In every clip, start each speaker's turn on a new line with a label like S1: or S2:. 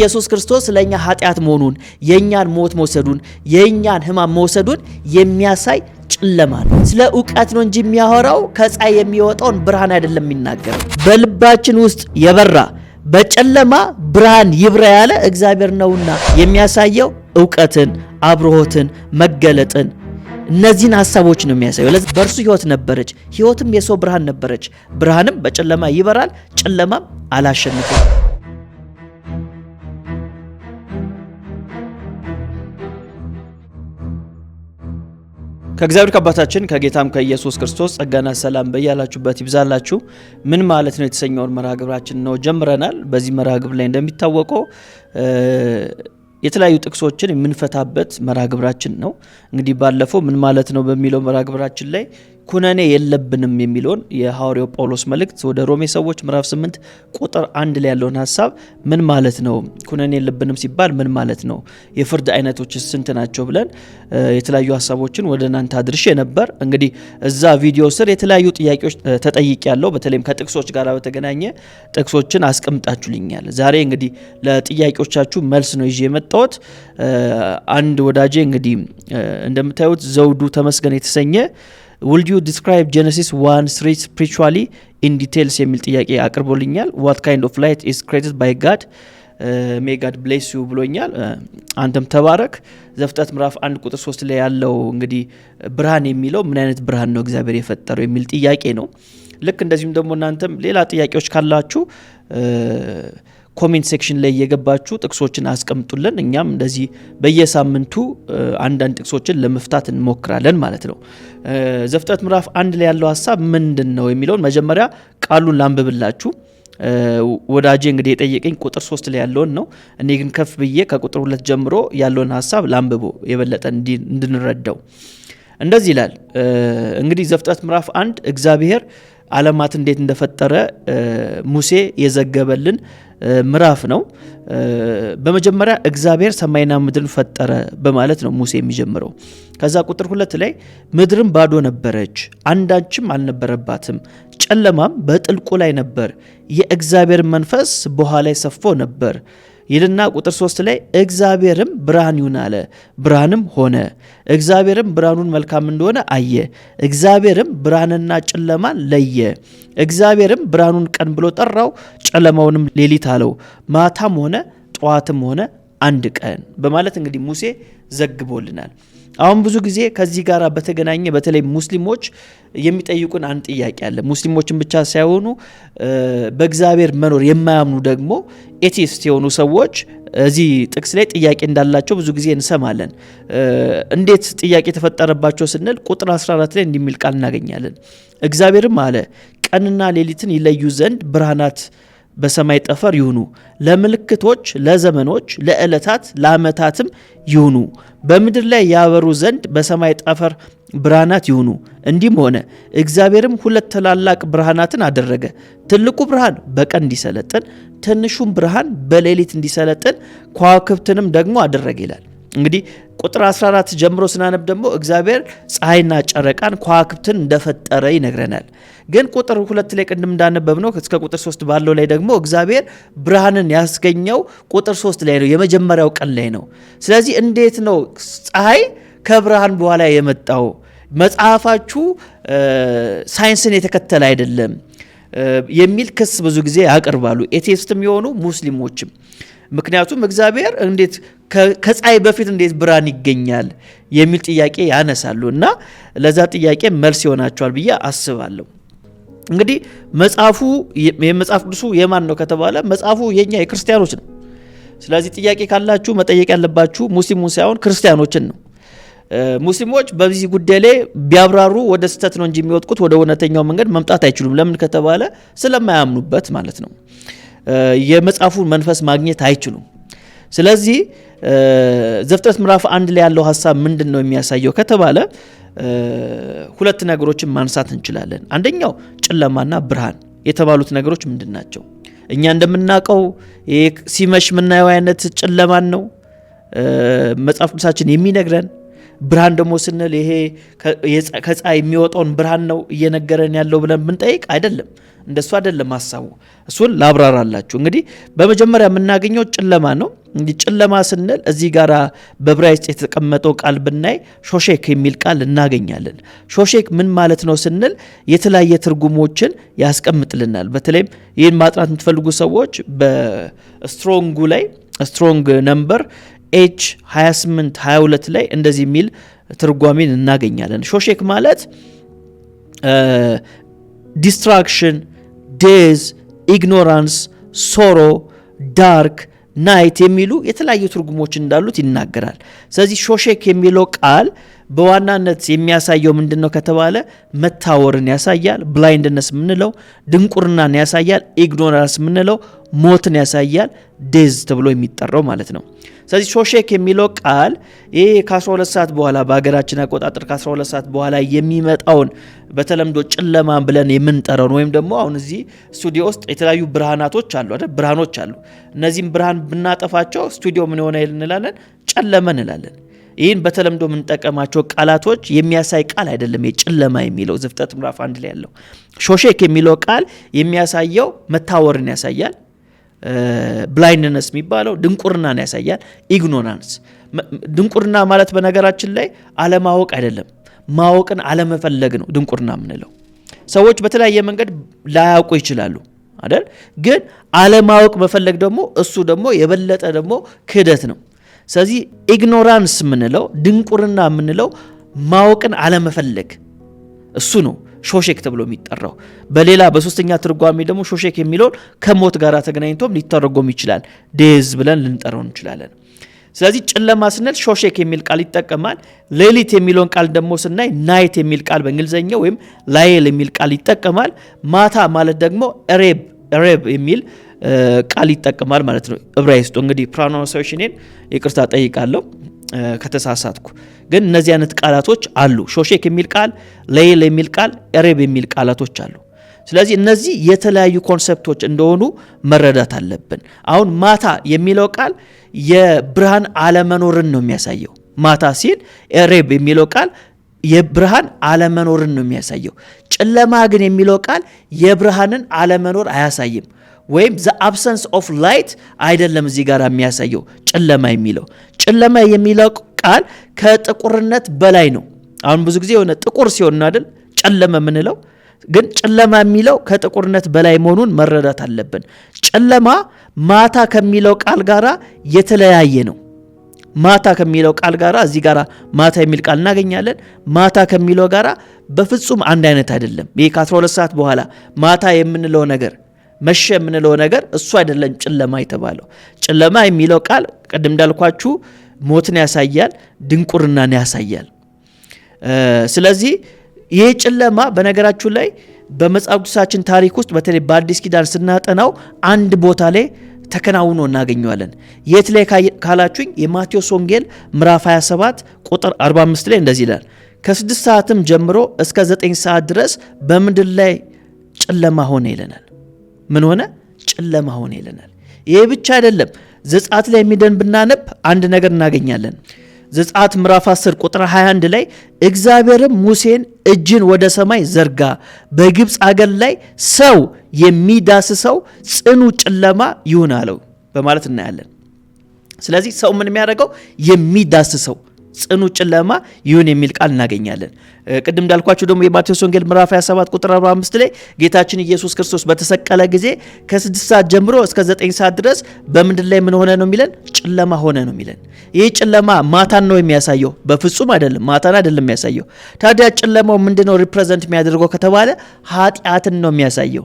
S1: ኢየሱስ ክርስቶስ ለእኛ ኃጢአት መሆኑን የእኛን ሞት መውሰዱን የእኛን ህማም መውሰዱን የሚያሳይ ጨለማ ነው። ስለ እውቀት ነው እንጂ የሚያወራው ከፀሐይ የሚወጣውን ብርሃን አይደለም የሚናገረው። በልባችን ውስጥ የበራ በጨለማ ብርሃን ይብራ ያለ እግዚአብሔር ነውና የሚያሳየው እውቀትን፣ አብርሆትን፣ መገለጥን እነዚህን ሀሳቦች ነው የሚያሳየው። ለዚህ በእርሱ ህይወት ነበረች፣ ህይወትም የሰው ብርሃን ነበረች። ብርሃንም በጨለማ ይበራል፣ ጨለማም አላሸንፍም። ከእግዚአብሔር ከአባታችን ከጌታም ከኢየሱስ ክርስቶስ ጸጋና ሰላም በያላችሁበት ይብዛላችሁ። ምን ማለት ነው የተሰኘውን መርሃ ግብራችን ነው ጀምረናል። በዚህ መርሃ ግብር ላይ እንደሚታወቀው የተለያዩ ጥቅሶችን የምንፈታበት መርሃ ግብራችን ነው። እንግዲህ ባለፈው ምን ማለት ነው በሚለው መርሃ ግብራችን ላይ ኩነኔ የለብንም የሚለውን የሐዋርያው ጳውሎስ መልእክት ወደ ሮሜ ሰዎች ምዕራፍ 8 ቁጥር አንድ ላይ ያለውን ሀሳብ ምን ማለት ነው? ኩነኔ የለብንም ሲባል ምን ማለት ነው? የፍርድ አይነቶች ስንት ናቸው? ብለን የተለያዩ ሀሳቦችን ወደ እናንተ አድርሼ ነበር። እንግዲህ እዛ ቪዲዮ ስር የተለያዩ ጥያቄዎች ተጠይቅ ያለው በተለይም ከጥቅሶች ጋር በተገናኘ ጥቅሶችን አስቀምጣችሁልኛል። ዛሬ እንግዲህ ለጥያቄዎቻችሁ መልስ ነው ይዤ የመጣሁት። አንድ ወዳጄ እንግዲህ እንደምታዩት ዘውዱ ተመስገን የተሰኘ ውልድ ዩ ዲስክራይብ ጄኔሲስ ዋን ስሪ ስፕሪቹዋሊ ኢን ዲቴልስ የሚል ጥያቄ አቅርቦልኛል። ዋት ካይንድ ኦፍ ላይት ኢዝ ክሬትድ ባይ ጋድ ሜይ ጋድ ብሌስ ዩ ብሎኛል። uh, አንተም ተባረክ። ዘፍጥረት ምዕራፍ አንድ ቁጥር ሶስት ላይ ያለው እንግዲህ ብርሃን የሚለው ምን አይነት ብርሃን ነው እግዚአብሔር የፈጠረው የሚል ጥያቄ ነው። ልክ እንደዚሁም ደግሞ እናንተም ሌላ ጥያቄዎች ካላችሁ uh, ኮሜንት ሴክሽን ላይ እየገባችሁ ጥቅሶችን አስቀምጡልን። እኛም እንደዚህ በየሳምንቱ አንዳንድ ጥቅሶችን ለመፍታት እንሞክራለን ማለት ነው። ዘፍጥረት ምዕራፍ አንድ ላይ ያለው ሀሳብ ምንድን ነው የሚለውን መጀመሪያ ቃሉን ላንብብላችሁ። ወዳጄ እንግዲህ የጠየቀኝ ቁጥር ሶስት ላይ ያለውን ነው። እኔ ግን ከፍ ብዬ ከቁጥር ሁለት ጀምሮ ያለውን ሀሳብ ላንብቦ የበለጠ እንድንረዳው እንደዚህ ይላል። እንግዲህ ዘፍጥረት ምዕራፍ አንድ እግዚአብሔር ዓለማት እንዴት እንደፈጠረ ሙሴ የዘገበልን ምዕራፍ ነው። በመጀመሪያ እግዚአብሔር ሰማይና ምድርን ፈጠረ በማለት ነው ሙሴ የሚጀምረው። ከዛ ቁጥር ሁለት ላይ ምድርም ባዶ ነበረች፣ አንዳችም አልነበረባትም፣ ጨለማም በጥልቁ ላይ ነበር፣ የእግዚአብሔር መንፈስ በውሃ ላይ ሰፎ ነበር። ይልና ቁጥር ሶስት ላይ እግዚአብሔርም ብርሃን ይሁን አለ፣ ብርሃንም ሆነ። እግዚአብሔርም ብርሃኑን መልካም እንደሆነ አየ። እግዚአብሔርም ብርሃንና ጨለማን ለየ። እግዚአብሔርም ብርሃኑን ቀን ብሎ ጠራው፣ ጨለማውንም ሌሊት አለው። ማታም ሆነ ጠዋትም ሆነ አንድ ቀን በማለት እንግዲህ ሙሴ ዘግቦልናል። አሁን ብዙ ጊዜ ከዚህ ጋር በተገናኘ በተለይ ሙስሊሞች የሚጠይቁን አንድ ጥያቄ አለ። ሙስሊሞችን ብቻ ሳይሆኑ በእግዚአብሔር መኖር የማያምኑ ደግሞ ኤቲስት የሆኑ ሰዎች እዚህ ጥቅስ ላይ ጥያቄ እንዳላቸው ብዙ ጊዜ እንሰማለን። እንዴት ጥያቄ የተፈጠረባቸው ስንል ቁጥር 14 ላይ እንዲህ የሚል ቃል እናገኛለን። እግዚአብሔርም አለ ቀንና ሌሊትን ይለዩ ዘንድ ብርሃናት በሰማይ ጠፈር ይሁኑ፣ ለምልክቶች፣ ለዘመኖች፣ ለዕለታት፣ ለዓመታትም ይሁኑ፣ በምድር ላይ ያበሩ ዘንድ በሰማይ ጠፈር ብርሃናት ይሁኑ። እንዲህም ሆነ። እግዚአብሔርም ሁለት ታላላቅ ብርሃናትን አደረገ፣ ትልቁ ብርሃን በቀን እንዲሰለጥን፣ ትንሹም ብርሃን በሌሊት እንዲሰለጥን፣ ከዋክብትንም ደግሞ አደረገ ይላል። እንግዲህ ቁጥር 14 ጀምሮ ስናነብ ደግሞ እግዚአብሔር ፀሐይና ጨረቃን ከዋክብትን እንደፈጠረ ይነግረናል። ግን ቁጥር ሁለት ላይ ቅድም እንዳነበብ ነው እስከ ቁጥር ሶስት ባለው ላይ ደግሞ እግዚአብሔር ብርሃንን ያስገኘው ቁጥር ሶስት ላይ ነው፣ የመጀመሪያው ቀን ላይ ነው። ስለዚህ እንዴት ነው ፀሐይ ከብርሃን በኋላ የመጣው? መጽሐፋችሁ ሳይንስን የተከተለ አይደለም የሚል ክስ ብዙ ጊዜ ያቀርባሉ፣ ኤቴስትም የሆኑ ሙስሊሞችም ምክንያቱም እግዚአብሔር እንዴት ከፀሐይ በፊት እንዴት ብርሃን ይገኛል የሚል ጥያቄ ያነሳሉ እና ለዛ ጥያቄ መልስ ይሆናቸዋል ብዬ አስባለሁ። እንግዲህ መጽሐፉ የመጽሐፍ ቅዱሱ የማን ነው ከተባለ መጽሐፉ የኛ የክርስቲያኖች ነው። ስለዚህ ጥያቄ ካላችሁ መጠየቅ ያለባችሁ ሙስሊሙን ሳይሆን ክርስቲያኖችን ነው። ሙስሊሞች በዚህ ጉዳይ ላይ ቢያብራሩ ወደ ስህተት ነው እንጂ የሚወጥቁት ወደ እውነተኛው መንገድ መምጣት አይችሉም። ለምን ከተባለ ስለማያምኑበት ማለት ነው። የመጽሐፉን መንፈስ ማግኘት አይችሉም። ስለዚህ ዘፍጥረት ምዕራፍ አንድ ላይ ያለው ሀሳብ ምንድን ነው የሚያሳየው ከተባለ ሁለት ነገሮችን ማንሳት እንችላለን። አንደኛው ጨለማና ብርሃን የተባሉት ነገሮች ምንድን ናቸው? እኛ እንደምናውቀው ሲመሽ የምናየው አይነት ጨለማን ነው መጽሐፍ ቅዱሳችን የሚነግረን ብርሃን ደግሞ ስንል ይሄ ከፀሐይ የሚወጣውን ብርሃን ነው እየነገረን ያለው ብለን ብንጠይቅ አይደለም፣ እንደሱ አይደለም ሀሳቡ። እሱን ላብራራላችሁ። እንግዲህ በመጀመሪያ የምናገኘው ጨለማ ነው። ጨለማ ስንል እዚህ ጋር በዕብራይስጥ የተቀመጠው ቃል ብናይ ሾሼክ የሚል ቃል እናገኛለን። ሾሼክ ምን ማለት ነው ስንል የተለያየ ትርጉሞችን ያስቀምጥልናል። በተለይም ይህን ማጥናት የምትፈልጉ ሰዎች በስትሮንጉ ላይ ስትሮንግ ነምበር ኤች 28 22 ላይ እንደዚህ የሚል ትርጓሜን እናገኛለን። ሾሼክ ማለት ዲስትራክሽን፣ ዴዝ፣ ኢግኖራንስ፣ ሶሮ፣ ዳርክ ናይት የሚሉ የተለያዩ ትርጉሞች እንዳሉት ይናገራል። ስለዚህ ሾሼክ የሚለው ቃል በዋናነት የሚያሳየው ምንድን ነው ከተባለ መታወርን ያሳያል፣ ብላይንድነስ የምንለው ድንቁርናን ያሳያል፣ ኢግኖራንስ የምንለው ሞትን ያሳያል፣ ዴዝ ተብሎ የሚጠራው ማለት ነው። ስለዚህ ሾሼክ የሚለው ቃል ይህ ከ12 ሰዓት በኋላ በሀገራችን አቆጣጠር ከ12 ሰዓት በኋላ የሚመጣውን በተለምዶ ጨለማ ብለን የምንጠረውን ወይም ደግሞ አሁን እዚህ ስቱዲዮ ውስጥ የተለያዩ ብርሃናቶች አሉ አይደል? ብርሃኖች አሉ። እነዚህም ብርሃን ብናጠፋቸው ስቱዲዮ ምን ሆነ እንላለን? ጨለመ እንላለን። ይህን በተለምዶ የምንጠቀማቸው ቃላቶች የሚያሳይ ቃል አይደለም። የጨለማ የሚለው ዘፍጥረት ምዕራፍ አንድ ላይ ያለው ሾሼክ የሚለው ቃል የሚያሳየው መታወርን ያሳያል። ብላይንድነስ የሚባለው ድንቁርናን ያሳያል። ኢግኖራንስ ድንቁርና ማለት በነገራችን ላይ አለማወቅ አይደለም፣ ማወቅን አለመፈለግ ነው ድንቁርና የምንለው። ሰዎች በተለያየ መንገድ ላያውቁ ይችላሉ አይደል? ግን አለማወቅ መፈለግ ደግሞ እሱ ደግሞ የበለጠ ደግሞ ክህደት ነው። ስለዚህ ኢግኖራንስ የምንለው ድንቁርና የምንለው ማወቅን አለመፈለግ እሱ ነው። ሾሼክ ተብሎ የሚጠራው። በሌላ በሶስተኛ ትርጓሜ ደግሞ ሾሼክ የሚለውን ከሞት ጋር ተገናኝቶም ሊተረጎም ይችላል። ዴዝ ብለን ልንጠራው እንችላለን። ስለዚህ ጨለማ ስንል ሾሼክ የሚል ቃል ይጠቀማል። ሌሊት የሚለውን ቃል ደግሞ ስናይ ናይት የሚል ቃል በእንግሊዝኛ ወይም ላይል የሚል ቃል ይጠቀማል። ማታ ማለት ደግሞ ሬብ ሬብ የሚል ቃል ይጠቀማል ማለት ነው። እብራይስጡ እንግዲህ ፕሮናንሴሽኔን ይቅርታ ጠይቃለሁ። ከተሳሳትኩ ግን እነዚህ አይነት ቃላቶች አሉ። ሾሼክ የሚል ቃል፣ ለይል የሚል ቃል፣ ኤሬብ የሚል ቃላቶች አሉ። ስለዚህ እነዚህ የተለያዩ ኮንሰፕቶች እንደሆኑ መረዳት አለብን። አሁን ማታ የሚለው ቃል የብርሃን አለመኖርን ነው የሚያሳየው። ማታ ሲል ኤሬብ የሚለው ቃል የብርሃን አለመኖርን ነው የሚያሳየው። ጨለማ ግን የሚለው ቃል የብርሃንን አለመኖር አያሳይም። ወይም ዘ አብሰንስ ኦፍ ላይት አይደለም። እዚህ ጋር የሚያሳየው ጨለማ የሚለው ጨለማ የሚለው ቃል ከጥቁርነት በላይ ነው። አሁን ብዙ ጊዜ የሆነ ጥቁር ሲሆን አይደል ጨለመ የምንለው። ግን ጨለማ የሚለው ከጥቁርነት በላይ መሆኑን መረዳት አለብን። ጨለማ ማታ ከሚለው ቃል ጋራ የተለያየ ነው። ማታ ከሚለው ቃል ጋራ እዚህ ጋራ ማታ የሚል ቃል እናገኛለን። ማታ ከሚለው ጋራ በፍጹም አንድ አይነት አይደለም። ይህ ከ12 ሰዓት በኋላ ማታ የምንለው ነገር መሸ የምንለው ነገር እሱ አይደለም ጨለማ የተባለው። ጨለማ የሚለው ቃል ቅድም እንዳልኳችሁ ሞትን ያሳያል፣ ድንቁርናን ያሳያል። ስለዚህ ይህ ጨለማ በነገራችሁ ላይ በመጽሐፍ ቅዱሳችን ታሪክ ውስጥ በተለይ በአዲስ ኪዳን ስናጠናው አንድ ቦታ ላይ ተከናውኖ እናገኘዋለን። የት ላይ ካላችሁኝ የማቴዎስ ወንጌል ምዕራፍ 27 ቁጥር 45 ላይ እንደዚህ ይላል፣ ከስድስት ሰዓትም ጀምሮ እስከ ዘጠኝ ሰዓት ድረስ በምድር ላይ ጨለማ ሆነ ይለናል። ምን ሆነ? ጨለማ ሆነ ይለናል። ይሄ ብቻ አይደለም። ዘጸአት ላይ የሚደን ብናነብ አንድ ነገር እናገኛለን። ዘጸአት ምዕራፍ 10 ቁጥር 21 ላይ እግዚአብሔርም ሙሴን እጅን ወደ ሰማይ ዘርጋ፣ በግብፅ አገር ላይ ሰው የሚዳስሰው ጽኑ ጨለማ ይሁን አለው በማለት እናያለን። ስለዚህ ሰው ምን የሚያደርገው የሚዳስሰው ጽኑ ጨለማ ይሁን የሚል ቃል እናገኛለን። ቅድም እንዳልኳችሁ ደግሞ የማቴዎስ ወንጌል ምዕራፍ 27 ቁጥር 45 ላይ ጌታችን ኢየሱስ ክርስቶስ በተሰቀለ ጊዜ ከስድስት ሰዓት ጀምሮ እስከ ዘጠኝ ሰዓት ድረስ በምድር ላይ ምን ሆነ ነው የሚለን? ጨለማ ሆነ ነው የሚለን። ይህ ጨለማ ማታን ነው የሚያሳየው? በፍጹም አይደለም፣ ማታን አይደለም የሚያሳየው። ታዲያ ጨለማው ምንድነው ሪፕሬዘንት የሚያደርገው ከተባለ ኃጢአትን ነው የሚያሳየው።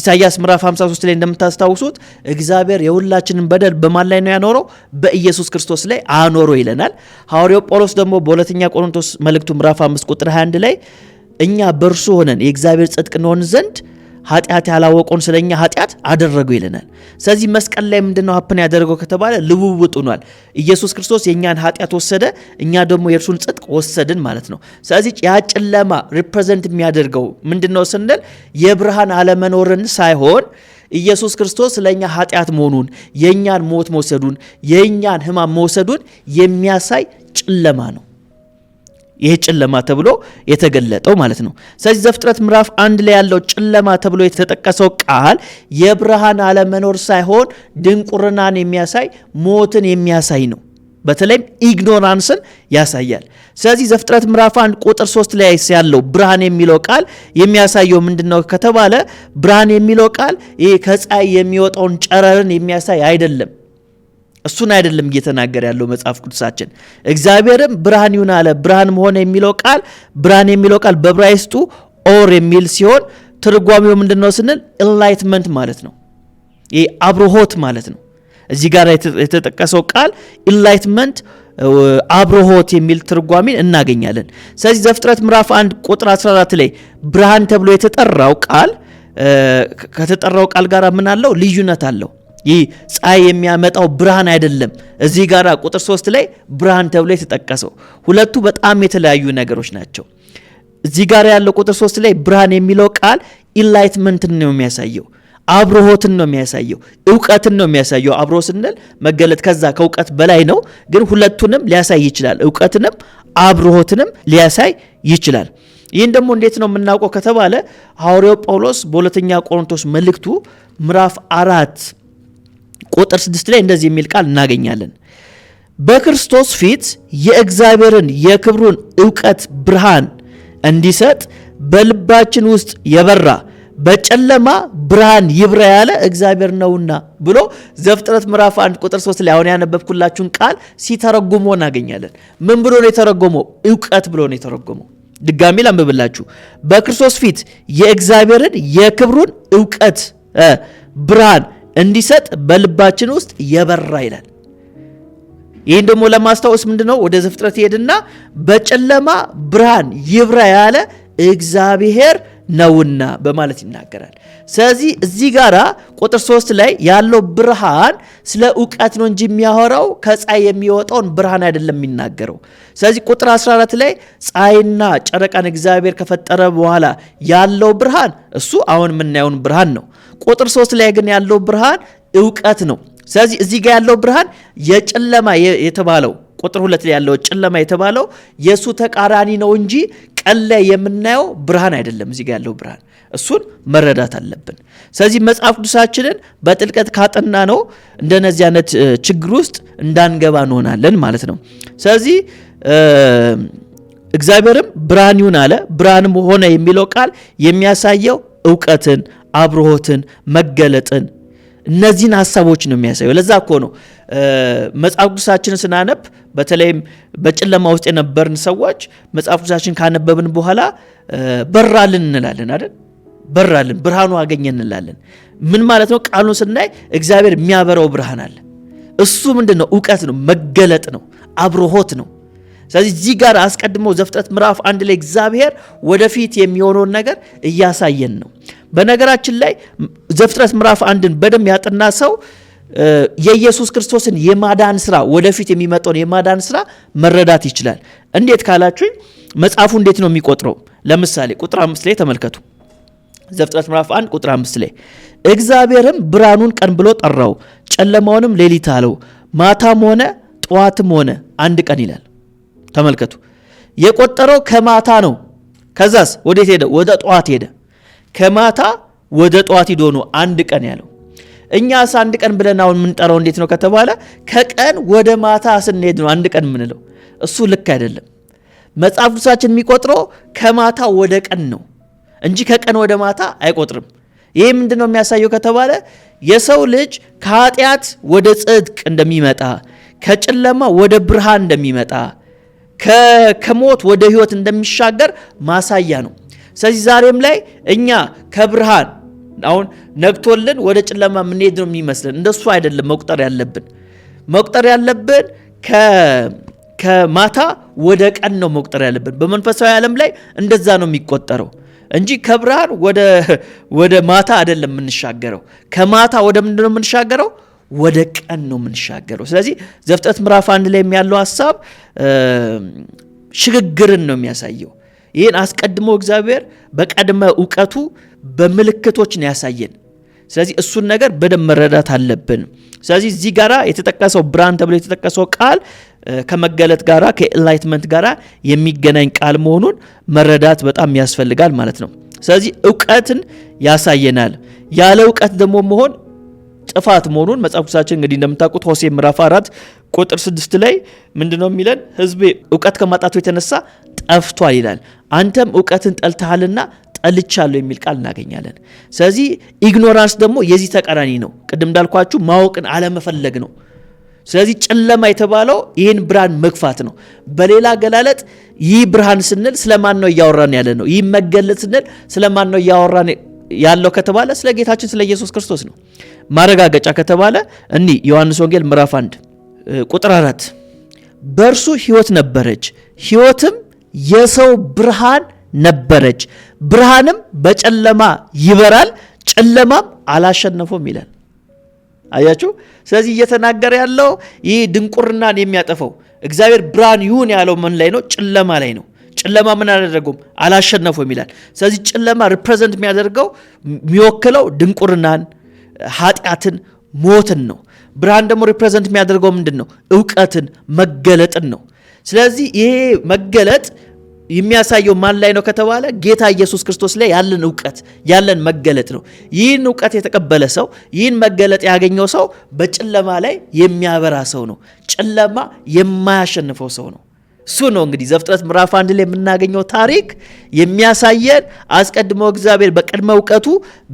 S1: ኢሳያስ ምዕራፍ 53 ላይ እንደምታስታውሱት እግዚአብሔር የሁላችንን በደል በማን ላይ ነው ያኖረው? በኢየሱስ ክርስቶስ ላይ አኖሮ ይለናል። ሐዋርያው ጳውሎስ ደግሞ በሁለተኛ ቆሮንቶስ መልእክቱ ምዕራፍ 5 ቁጥር 21 ላይ እኛ በእርሱ ሆነን የእግዚአብሔር ጽድቅ እንሆን ዘንድ ኃጢአት ያላወቀውን ስለኛ ኃጢአት አደረገው ይለናል። ስለዚህ መስቀል ላይ ምንድነው ሀፕን ያደረገው ከተባለ ልውውጥ ሆኗል። ኢየሱስ ክርስቶስ የእኛን ኃጢአት ወሰደ፣ እኛ ደግሞ የእርሱን ጽድቅ ወሰድን ማለት ነው። ስለዚህ ያ ጨለማ ሪፕሬዘንት የሚያደርገው ምንድነው ስንል የብርሃን አለመኖርን ሳይሆን ኢየሱስ ክርስቶስ ለእኛ ኃጢአት መሆኑን የእኛን ሞት መውሰዱን የእኛን ህማም መውሰዱን የሚያሳይ ጨለማ ነው። ይሄ ጨለማ ተብሎ የተገለጠው ማለት ነው። ስለዚህ ዘፍጥረት ምዕራፍ አንድ ላይ ያለው ጨለማ ተብሎ የተጠቀሰው ቃል የብርሃን አለመኖር ሳይሆን ድንቁርናን የሚያሳይ ሞትን የሚያሳይ ነው። በተለይም ኢግኖራንስን ያሳያል። ስለዚህ ዘፍጥረት ምዕራፍ አንድ ቁጥር ሶስት ላይ ያለው ብርሃን የሚለው ቃል የሚያሳየው ምንድን ነው ከተባለ ብርሃን የሚለው ቃል ይህ ከፀሐይ የሚወጣውን ጨረርን የሚያሳይ አይደለም። እሱን አይደለም እየተናገረ ያለው መጽሐፍ ቅዱሳችን። እግዚአብሔርም ብርሃን ይሁን አለ። ብርሃን መሆን የሚለው ቃል ብርሃን የሚለው ቃል በብራይስጡ ኦር የሚል ሲሆን ትርጓሜው ምንድን ነው ስንል ኢንላይትመንት ማለት ነው። ይህ አብርሆት ማለት ነው። እዚህ ጋር የተጠቀሰው ቃል ኢንላይትመንት አብርሆት የሚል ትርጓሜን እናገኛለን። ስለዚህ ዘፍጥረት ምዕራፍ 1 ቁጥር 14 ላይ ብርሃን ተብሎ የተጠራው ቃል ከተጠራው ቃል ጋር ምን አለው? ልዩነት አለው። ይህ ፀሐይ የሚያመጣው ብርሃን አይደለም። እዚህ ጋር ቁጥር ሶስት ላይ ብርሃን ተብሎ የተጠቀሰው ሁለቱ በጣም የተለያዩ ነገሮች ናቸው። እዚህ ጋር ያለው ቁጥር ሶስት ላይ ብርሃን የሚለው ቃል ኢንላይትመንትን ነው የሚያሳየው አብርሆትን ነው የሚያሳየው፣ እውቀትን ነው የሚያሳየው። አብሮ ስንል መገለጥ ከዛ ከእውቀት በላይ ነው፣ ግን ሁለቱንም ሊያሳይ ይችላል። እውቀትንም አብርሆትንም ሊያሳይ ይችላል። ይህን ደግሞ እንዴት ነው የምናውቀው ከተባለ ሐዋርያው ጳውሎስ በሁለተኛ ቆሮንቶስ መልእክቱ ምዕራፍ አራት ቁጥር ስድስት ላይ እንደዚህ የሚል ቃል እናገኛለን። በክርስቶስ ፊት የእግዚአብሔርን የክብሩን እውቀት ብርሃን እንዲሰጥ በልባችን ውስጥ የበራ በጨለማ ብርሃን ይብራ ያለ እግዚአብሔር ነውና ብሎ ዘፍጥረት ምዕራፍ 1 ቁጥር 3 ላይ አሁን ያነበብኩላችሁን ቃል ሲተረጉሞ እናገኛለን። ምን ብሎ ነው የተረጎመው? እውቀት ብሎ ነው የተረጎመው። ድጋሚ ላንብብላችሁ። በክርስቶስ ፊት የእግዚአብሔርን የክብሩን እውቀት ብርሃን እንዲሰጥ በልባችን ውስጥ የበራ ይላል። ይህን ደግሞ ለማስታወስ ምንድ ነው ወደ ዘፍጥረት ሄድና በጨለማ ብርሃን ይብራ ያለ እግዚአብሔር ነውና በማለት ይናገራል። ስለዚህ እዚህ ጋር ቁጥር ሶስት ላይ ያለው ብርሃን ስለ እውቀት ነው እንጂ የሚያወራው ከፀሐይ የሚወጣውን ብርሃን አይደለም የሚናገረው። ስለዚህ ቁጥር 14 ላይ ፀሐይና ጨረቃን እግዚአብሔር ከፈጠረ በኋላ ያለው ብርሃን እሱ አሁን የምናየውን ብርሃን ነው። ቁጥር ሶስት ላይ ግን ያለው ብርሃን እውቀት ነው። ስለዚህ እዚህ ጋር ያለው ብርሃን የጨለማ የተባለው ቁጥር ሁለት ላይ ያለው ጨለማ የተባለው የእሱ ተቃራኒ ነው እንጂ ቀን ላይ የምናየው ብርሃን አይደለም። እዚህ ጋር ያለው ብርሃን እሱን መረዳት አለብን። ስለዚህ መጽሐፍ ቅዱሳችንን በጥልቀት ካጠና ነው እንደነዚህ አይነት ችግር ውስጥ እንዳንገባ እንሆናለን ማለት ነው። ስለዚህ እግዚአብሔርም ብርሃን ይሁን አለ፣ ብርሃንም ሆነ የሚለው ቃል የሚያሳየው እውቀትን አብርሆትን፣ መገለጥን እነዚህን ሀሳቦች ነው የሚያሳየው። ለዛ እኮ ነው መጽሐፍ ቅዱሳችን ስናነብ በተለይም በጨለማ ውስጥ የነበርን ሰዎች መጽሐፍ ቅዱሳችን ካነበብን በኋላ በራልን እንላለን አይደል? በራልን፣ ብርሃኑ አገኘ እንላለን። ምን ማለት ነው? ቃሉን ስናይ እግዚአብሔር የሚያበራው ብርሃን አለ። እሱ ምንድን ነው? እውቀት ነው፣ መገለጥ ነው፣ አብርሆት ነው። ስለዚህ እዚህ ጋር አስቀድሞ ዘፍጥረት ምዕራፍ አንድ ላይ እግዚአብሔር ወደፊት የሚሆነውን ነገር እያሳየን ነው። በነገራችን ላይ ዘፍጥረት ምዕራፍ አንድን በደም ያጠና ሰው የኢየሱስ ክርስቶስን የማዳን ስራ ወደፊት የሚመጣውን የማዳን ስራ መረዳት ይችላል። እንዴት ካላችሁኝ መጽሐፉ እንዴት ነው የሚቆጥረው? ለምሳሌ ቁጥር አምስት ላይ ተመልከቱ። ዘፍጥረት ምዕራፍ አንድ ቁጥር አምስት ላይ እግዚአብሔርም ብርሃኑን ቀን ብሎ ጠራው፣ ጨለማውንም ሌሊት አለው። ማታም ሆነ ጠዋትም ሆነ አንድ ቀን ይላል። ተመልከቱ፣ የቆጠረው ከማታ ነው። ከዛስ ወዴት ሄደ? ወደ ጠዋት ሄደ። ከማታ ወደ ጠዋት ሂዶ ነው አንድ ቀን ያለው። እኛስ አንድ ቀን ብለን አሁን የምንጠራው እንዴት ነው ከተባለ ከቀን ወደ ማታ ስንሄድ ነው አንድ ቀን የምንለው። እሱ ልክ አይደለም። መጽሐፍ ቅዱሳችን የሚቆጥረው ከማታ ወደ ቀን ነው እንጂ ከቀን ወደ ማታ አይቆጥርም። ይህ ምንድን ነው የሚያሳየው ከተባለ የሰው ልጅ ከኃጢአት ወደ ጽድቅ እንደሚመጣ፣ ከጨለማ ወደ ብርሃን እንደሚመጣ፣ ከሞት ወደ ህይወት እንደሚሻገር ማሳያ ነው። ስለዚህ ዛሬም ላይ እኛ ከብርሃን አሁን ነግቶልን ወደ ጨለማ የምንሄድ ነው የሚመስለን። እንደሱ አይደለም መቁጠር ያለብን። መቁጠር ያለብን ከማታ ወደ ቀን ነው መቁጠር ያለብን። በመንፈሳዊ ዓለም ላይ እንደዛ ነው የሚቆጠረው እንጂ ከብርሃን ወደ ማታ አይደለም የምንሻገረው። ከማታ ወደ ምንድን ነው የምንሻገረው? ወደ ቀን ነው የምንሻገረው። ስለዚህ ዘፍጥረት ምዕራፍ አንድ ላይ ያለው ሀሳብ ሽግግርን ነው የሚያሳየው። ይህን አስቀድሞ እግዚአብሔር በቀድመ እውቀቱ በምልክቶች ነው ያሳየን። ስለዚህ እሱን ነገር በደንብ መረዳት አለብን። ስለዚህ እዚህ ጋራ የተጠቀሰው ብርሃን ተብሎ የተጠቀሰው ቃል ከመገለጥ ጋራ ከኤንላይትመንት ጋራ የሚገናኝ ቃል መሆኑን መረዳት በጣም ያስፈልጋል ማለት ነው። ስለዚህ እውቀትን ያሳየናል። ያለ እውቀት ደግሞ መሆን ጥፋት መሆኑን መጽሐፍ ቅዱሳችን እንግዲህ እንደምታውቁት ሆሴ ምዕራፍ አራት ቁጥር ስድስት ላይ ምንድነው የሚለን? ህዝቤ እውቀት ከማጣቱ የተነሳ ጠፍቷል ይላል። አንተም እውቀትን ጠልተሃልና ጠልቻለሁ የሚል ቃል እናገኛለን። ስለዚህ ኢግኖራንስ ደግሞ የዚህ ተቃራኒ ነው። ቅድም እንዳልኳችሁ ማወቅን አለመፈለግ ነው። ስለዚህ ጨለማ የተባለው ይህን ብርሃን መግፋት ነው። በሌላ አገላለጥ ይህ ብርሃን ስንል ስለማን ነው እያወራን ያለ ነው? ይህ መገለጥ ስንል ስለማን ነው እያወራን ያለው ከተባለ ስለ ጌታችን ስለ ኢየሱስ ክርስቶስ ነው። ማረጋገጫ ከተባለ እኒ ዮሐንስ ወንጌል ምዕራፍ 1 ቁጥር 4 በእርሱ ሕይወት ነበረች፣ ሕይወትም የሰው ብርሃን ነበረች፣ ብርሃንም በጨለማ ይበራል፣ ጨለማም አላሸነፎም ይላል። አያችሁ። ስለዚህ እየተናገረ ያለው ይህ ድንቁርናን የሚያጠፈው እግዚአብሔር ብርሃን ይሁን ያለው ምን ላይ ነው? ጨለማ ላይ ነው። ጨለማ ምን አላደረገውም? አላሸነፎም ይላል። ስለዚህ ጨለማ ሪፕሬዘንት የሚያደርገው የሚወክለው ድንቁርናን፣ ኃጢአትን፣ ሞትን ነው። ብርሃን ደግሞ ሪፕሬዘንት የሚያደርገው ምንድን ነው? እውቀትን፣ መገለጥን ነው። ስለዚህ ይሄ መገለጥ የሚያሳየው ማን ላይ ነው ከተባለ ጌታ ኢየሱስ ክርስቶስ ላይ ያለን እውቀት ያለን መገለጥ ነው። ይህን እውቀት የተቀበለ ሰው ይህን መገለጥ ያገኘው ሰው በጨለማ ላይ የሚያበራ ሰው ነው። ጨለማ የማያሸንፈው ሰው ነው። እሱ ነው እንግዲህ ዘፍጥረት ምዕራፍ አንድ ላይ የምናገኘው ታሪክ የሚያሳየን አስቀድሞ እግዚአብሔር በቅድመ እውቀቱ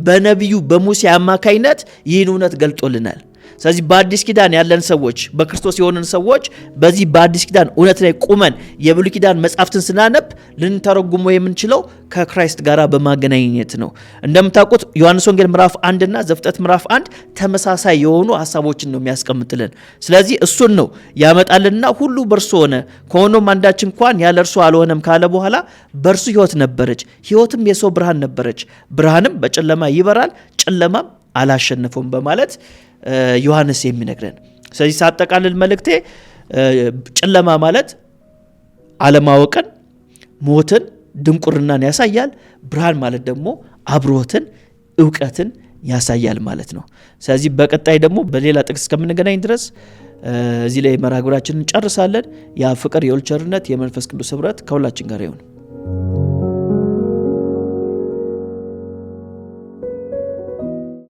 S1: በነቢዩ በሙሴ አማካይነት ይህን እውነት ገልጦልናል። ስለዚህ በአዲስ ኪዳን ያለን ሰዎች በክርስቶስ የሆንን ሰዎች በዚህ በአዲስ ኪዳን እውነት ላይ ቁመን የብሉይ ኪዳን መጻሕፍትን ስናነብ ልንተረጉሞ የምንችለው ከክራይስት ጋር በማገናኘት ነው። እንደምታውቁት ዮሐንስ ወንጌል ምዕራፍ አንድና ዘፍጠት ምዕራፍ አንድ ተመሳሳይ የሆኑ ሀሳቦችን ነው የሚያስቀምጥልን። ስለዚህ እሱን ነው ያመጣልንና ሁሉ በእርሱ ሆነ፣ ከሆኖም አንዳች እንኳን ያለ እርሱ አልሆነም ካለ በኋላ በእርሱ ህይወት ነበረች፣ ህይወትም የሰው ብርሃን ነበረች። ብርሃንም በጨለማ ይበራል፣ ጨለማም አላሸነፈውም በማለት ዮሐንስ የሚነግረን። ስለዚህ ሳጠቃልል መልእክቴ ጨለማ ማለት አለማወቅን፣ ሞትን፣ ድንቁርናን ያሳያል። ብርሃን ማለት ደግሞ አብሮትን፣ እውቀትን ያሳያል ማለት ነው። ስለዚህ በቀጣይ ደግሞ በሌላ ጥቅስ እስከምንገናኝ ድረስ እዚህ ላይ መርሃ ግብራችንን እንጨርሳለን። ያ ፍቅር፣ የወልድ የመንፈስ ቅዱስ ህብረት ከሁላችን ጋር ይሁን።